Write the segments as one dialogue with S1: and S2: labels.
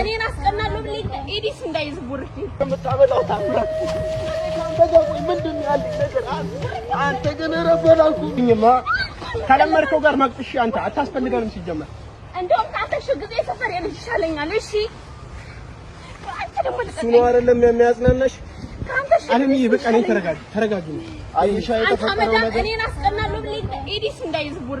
S1: እኔን አስቀናለሁ
S2: አንተ ግን ረበል ከለመድከው ጋር ማቅጥሽ አንተ አታስፈልገንም ሲጀመር።
S1: እንደውም ከአንተ ሺህ ጊዜ ሰፈር የልጅ ይሻለኛል። እሺ እሱ
S2: ነው አይደለም የሚያጽናናሽ። አለምዬ በቃ እኔ ተረጋጊ፣ ተረጋጊ። እኔን አስቀናለሁ ብለህ ኤዲስ እንዳይዝቡር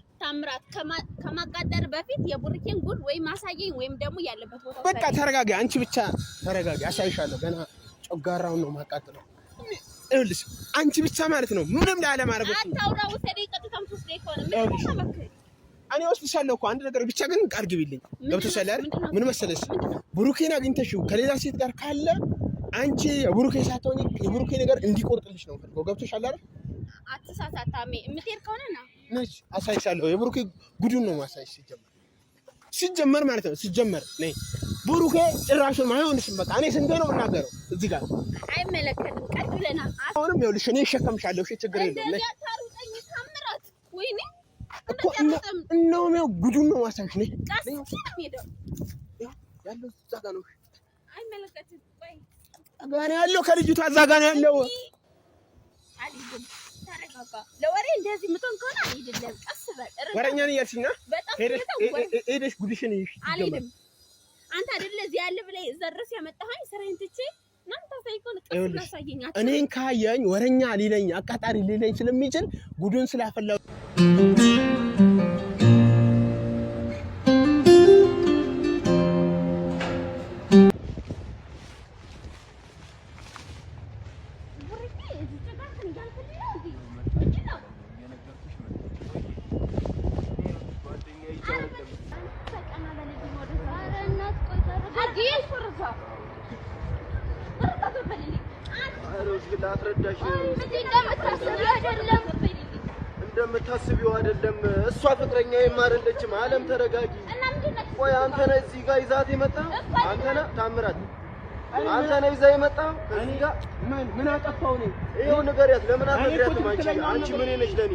S1: ታምራት ከማቃጠር በፊት የቡርኬን ጉድ ወይ ማሳየኝ ወይም ደግሞ ያለበት
S2: ቦታ በቃ ተረጋጋ። አንቺ ብቻ ተረጋጋ፣ አሳይሻለሁ። ገና ጮጋራውን ነው ማቃጥለው። ይኸውልሽ አንቺ ብቻ ማለት ነው ምንም ላለ ማረግ
S1: አታውራ። ወሰደ ቀጥታም ሱስ ላይ ከሆነ ምን ተመከ
S2: እኔ ወስድሻለሁ እኮ አንድ ነገር ብቻ ግን ቃል ግቢልኝ። ገብቶሻል አይደል? ምን መሰለሽ ብሩኬን አግኝተሽው ከሌላ ሴት ጋር ካለ አንቺ የብሩኬ ሳትሆኚ የብሩኬ ነገር እንዲቆርጥልሽ ነው ፈልገው። ገብቶሻል አይደል?
S1: አትሳሳት። አሜ የምትሄድ ከሆነ ና
S2: ነሽ አሳይሻለሁ። የብሩኬ ጉዱን ነው ማሳይሽ። ሲጀመር ሲጀመር ማለት ነው ሲጀመር ነይ ብሩኬ ጭራሹን አይሆንሽም። በቃ እኔ ስንቴ ነው የምናገረው እዚህ ጋር
S1: አይመለከትም። ቀጥ ብለና
S2: አሁንም ይኸውልሽ እኔ እሸከምሻለሁ። እሺ ችግር የለውም። ነይ ጉዱን ነው ማሳይሽ። ነይ ያለው እዛ ጋር ነው
S1: አይመለከትም። ቆይ
S2: ጋር ያለው ከልጅቷ እዛ ጋር ነው ያለው
S1: ተረጋጋ። ለወሬ እንደዚህ የምትሆን ከሆነ
S2: እያልሽኝ ነው። ሄደሽ ጉድሽን ይሽ
S1: አልሄድም። አንተ አይደለ እዚህ ያለ ብለህ ያመጣኸኝ ስራዬን ትቼ
S2: እኔን ካየኝ ሊለኝ አቃጣሪ ሊለኝ ስለሚችል ጉዱን ስላፈላው ዲል እንደምታስቢው አይደለም። እሷ ፍቅረኛ አይደለችም። አለም ተረጋጊ። ቆይ አንተ ነህ እዚህ ጋር ይዛት የመጣ አንተ ነህ ታምራት፣ አንተ ነህ ይዛ የመጣ እዚህ ጋር ምን ምን አጠፋው? እኔ ይኸው ንገሪያት። ለምን አትነግሪያትም? አንቺ አንቺ ምን ነሽ ለኔ?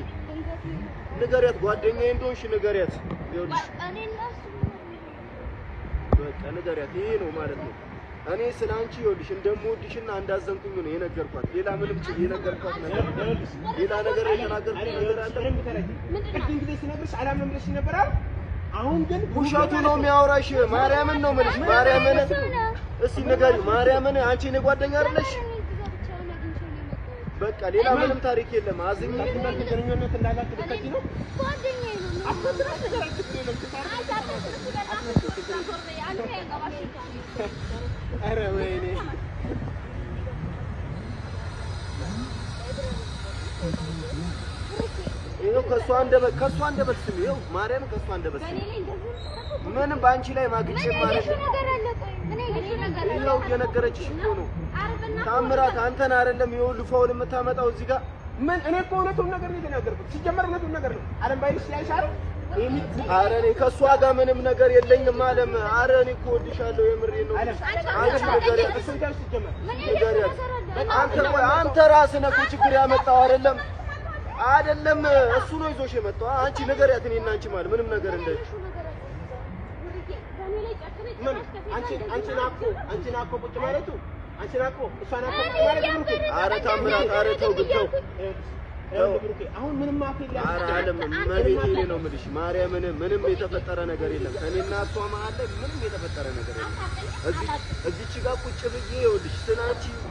S2: ንገሪያት፣ ጓደኛዬ እንደሆንሽ ንገሪያት። ይኸውልሽ በቃ ንገሪያት፣ ይሄ ነው ማለት ነው። እኔ ስለ አንቺ ይኸውልሽ እንደምወድሽና እንዳዘንኩኝ ነው የነገርኳት። ሌላ ምንም ችግር የነገርኳት ነገር ሌላ ነገር የተናገርኩት ነገር አለ። ቅድም ጊዜ አላምንም ብለሽ ነበር። አሁን ግን ውሸቱ ነው የሚያወራሽ። ማርያምን ነው የምልሽ። ማርያምን እስኪ ንገሪው። ማርያምን አንቺ እኔ ጓደኛ አይደለሽ በቃ ሌላ ምንም ታሪክ የለም። አዚም ታክምዳል ግንኙነት እንዳላት ልትከቲ ነው። ኧረ ወይኔ ይኸው ከእሷ አንደበት ከእሷ አንደበት ስም ይኸው ማርያም ከእሷ አንደበት ስም ምንም በአንቺ ላይ ማግኘት ማለት ነው። ይኸው እየነገረችሽ እኮ ነው ታምራት አንተን አይደለም የሁሉ ፋውል የምታመጣው እዚህ ጋር ምን እኔ እኮ እውነቱን ነገር ነው የተናገርኩት። ሲጀመር እውነቱን ነገር ነው። አለም ባይልሽ ላይ ሻለ ኧረ እኔ ከእሷ ጋር ምንም ነገር የለኝም። አለም ኧረ እኔ እኮ ወድሻለሁ፣ የምሬን ነው። አንተ አንተ ራስህ ነው ችግር ያመጣው አይደለም አይደለም፣ እሱ ነው ይዞሽ የመጣው። አንቺ ንገሪያት፣ እኔ እና አንቺ ማለት ምንም ነገር እንደዚህ አንቺ አንቺ ናኮ አንቺ ናኮ ቁጭ ማለቱ ነው ማርያምን ምንም የተፈጠረ ነገር የለም። እኔና እሷ መሀል ላይ ምንም የተፈጠረ ነገር የለም። እዚች ጋር ቁጭ ብዬ ይኸውልሽ ስለ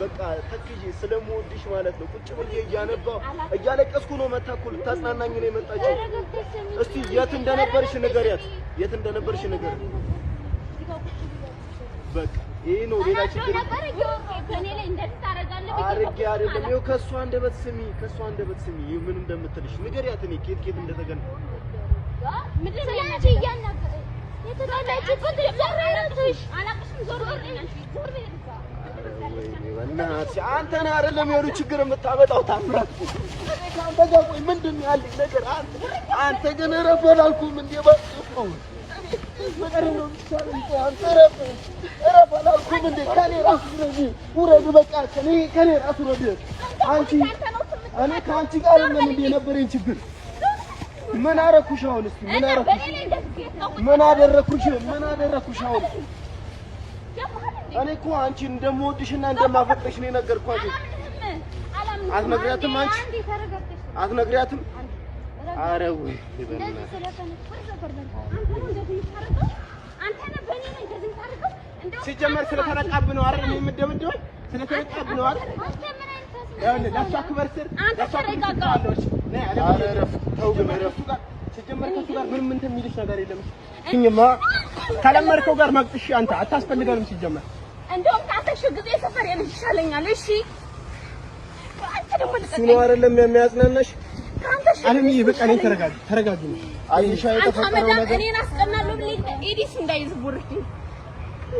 S2: በቃ ተክዬ ስለምወድሽ ማለት ነው ቁጭ ብዬ እያነባሁ እያለቀስኩ ነው መታኩ እኮ ልታጽናናኝ ነው የመጣችው። እስቲ የት እንደነበርሽ ንገሪያት፣ የት እንደነበርሽ ንገሪያት። በቃ ይሄ ነው። ሌላ ችግር አድርጌ አይደለም። ይኸው ከእሱ አንደበት ስሚ፣ ከእሱ አንደበት ስሚ ምን እንደምትልሽ ንገሪያት። እኔ ኬት ኬት እንደተገና አንተን አይደለም የሆኑ ችግር የምታመጣው ታምራት። አንተ ጋር ቆይ ምንድን ነው ያለኝ ነገር? አንተ ግን እረፍ አላልኩም እንደ እረፍ አላልኩም እንዴ? ከኔ ራሱ ውረድ ውረድ፣ በቃ ከኔ ራሱ ውረድ። አንቺ እኔ ከአንቺ ጋር ምን እንደ የነበረኝ ችግር ምን አደረኩሽ? አሁን እስኪ ምን አደረኩሽ? ምን አደረኩሽ? ምን አደረኩሽ? አሁን እኔ እኮ አንቺን እንደምወድሽና እንደማፈቅርሽ ነው የነገርኳት። አትነግሪያትም? አንቺ አትነግሪያትም? ኧረ ወይ ሲጀመር ስለተነቃብ ነው አይደል? እኔ የምደበደበኝ ስለተነቃብ ነው አይደል? ለእሷ ክበር ስር ለእሷ ትጫለች። ተው ግን እረፍቱ ሲጀመር ከእሱ ጋር ምንም እንትን የሚልሽ ነገር የለም። እኔማ ከለመድከው ጋር መቅጥሽ አንተ አታስፈልገንም። ሲጀመር
S1: እንደውም ታተሽ ጊዜ ሰፈር ይሻለኛል። እሺ
S2: እሱ ነው አይደለም የሚያጽናናሽ አለም በቃ ነው። ተረጋጊ ተረጋጊ። አይሻ የተፈጠረው ነገር እኔን አስቀናለሁ ብለኝ ኤዲስ እንዳይዝ ቡርኪ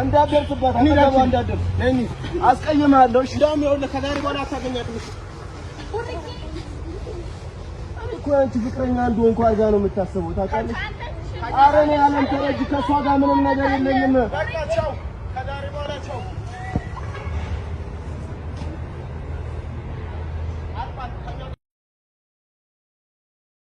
S2: እንዳትደርስባት እንዳትደርስ አንቺ ፍቅረኛ እንደሆንኩ አድርጋ ነው የምታስበው ታውቃለች። ኧረ እኔ አለም ተረጅ ከእሷ ጋር ምንም ነገር የለኝም።